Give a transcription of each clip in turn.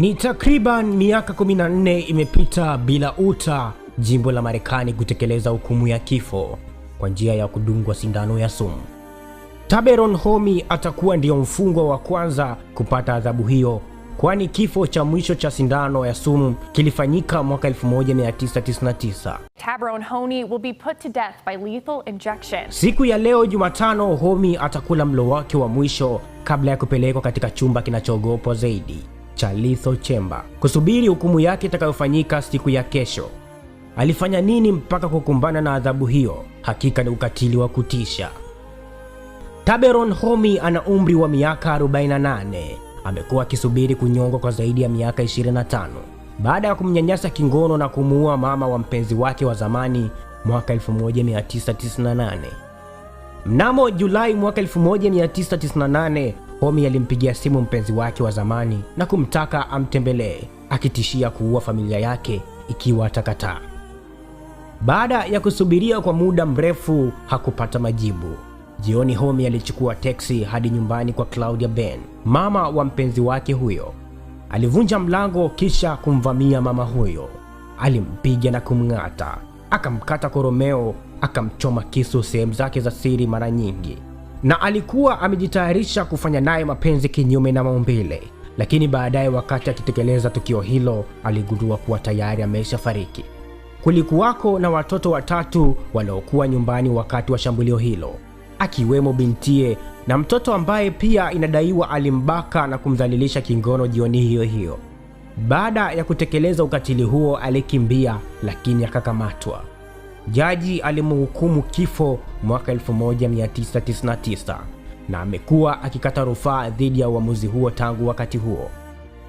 Ni takriban miaka 14 imepita bila Utah, jimbo la Marekani, kutekeleza hukumu ya kifo kwa njia ya kudungwa sindano ya sumu. Taberon Homi atakuwa ndiyo mfungwa wa kwanza kupata adhabu hiyo, kwani kifo cha mwisho cha sindano ya sumu kilifanyika mwaka 1999. Taberon Homi will be put to death by lethal injection. Siku ya leo Jumatano, Homi atakula mlo wake wa mwisho kabla ya kupelekwa katika chumba kinachoogopwa zaidi cha Litho Chemba kusubiri hukumu yake itakayofanyika siku ya kesho. Alifanya nini mpaka kukumbana na adhabu hiyo? Hakika ni ukatili wa kutisha. Taberon Homi ana umri wa miaka 48. Amekuwa akisubiri kunyongwa kwa zaidi ya miaka 25 baada ya kumnyanyasa kingono na kumuua mama wa mpenzi wake wa zamani mwaka 1998. Mnamo Julai mwaka 1998 Homi alimpigia simu mpenzi wake wa zamani na kumtaka amtembelee, akitishia kuua familia yake ikiwa atakataa. Baada ya kusubiria kwa muda mrefu, hakupata majibu. Jioni Homi alichukua teksi hadi nyumbani kwa Claudia Ben, mama wa mpenzi wake huyo. Alivunja mlango kisha kumvamia mama huyo, alimpiga na kumng'ata, akamkata koromeo, akamchoma kisu sehemu zake za siri mara nyingi na alikuwa amejitayarisha kufanya naye mapenzi kinyume na maumbile, lakini baadaye wakati akitekeleza tukio hilo aligundua kuwa tayari ameshafariki. Kulikuwako na watoto watatu waliokuwa nyumbani wakati wa shambulio hilo, akiwemo bintie na mtoto ambaye pia inadaiwa alimbaka na kumdhalilisha kingono jioni hiyo hiyo. Baada ya kutekeleza ukatili huo alikimbia, lakini akakamatwa. Jaji alimhukumu kifo mwaka 1999 na amekuwa akikata rufaa dhidi ya uamuzi huo tangu wakati huo.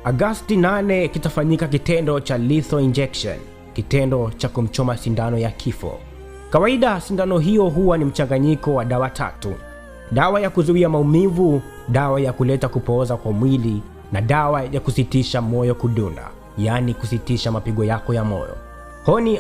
Agasti 8 kitafanyika kitendo cha lethal injection, kitendo cha kumchoma sindano ya kifo. Kawaida sindano hiyo huwa ni mchanganyiko wa dawa tatu: dawa ya kuzuia maumivu, dawa ya kuleta kupooza kwa mwili na dawa ya kusitisha moyo kudunda, yaani kusitisha mapigo yako ya moyo. Honi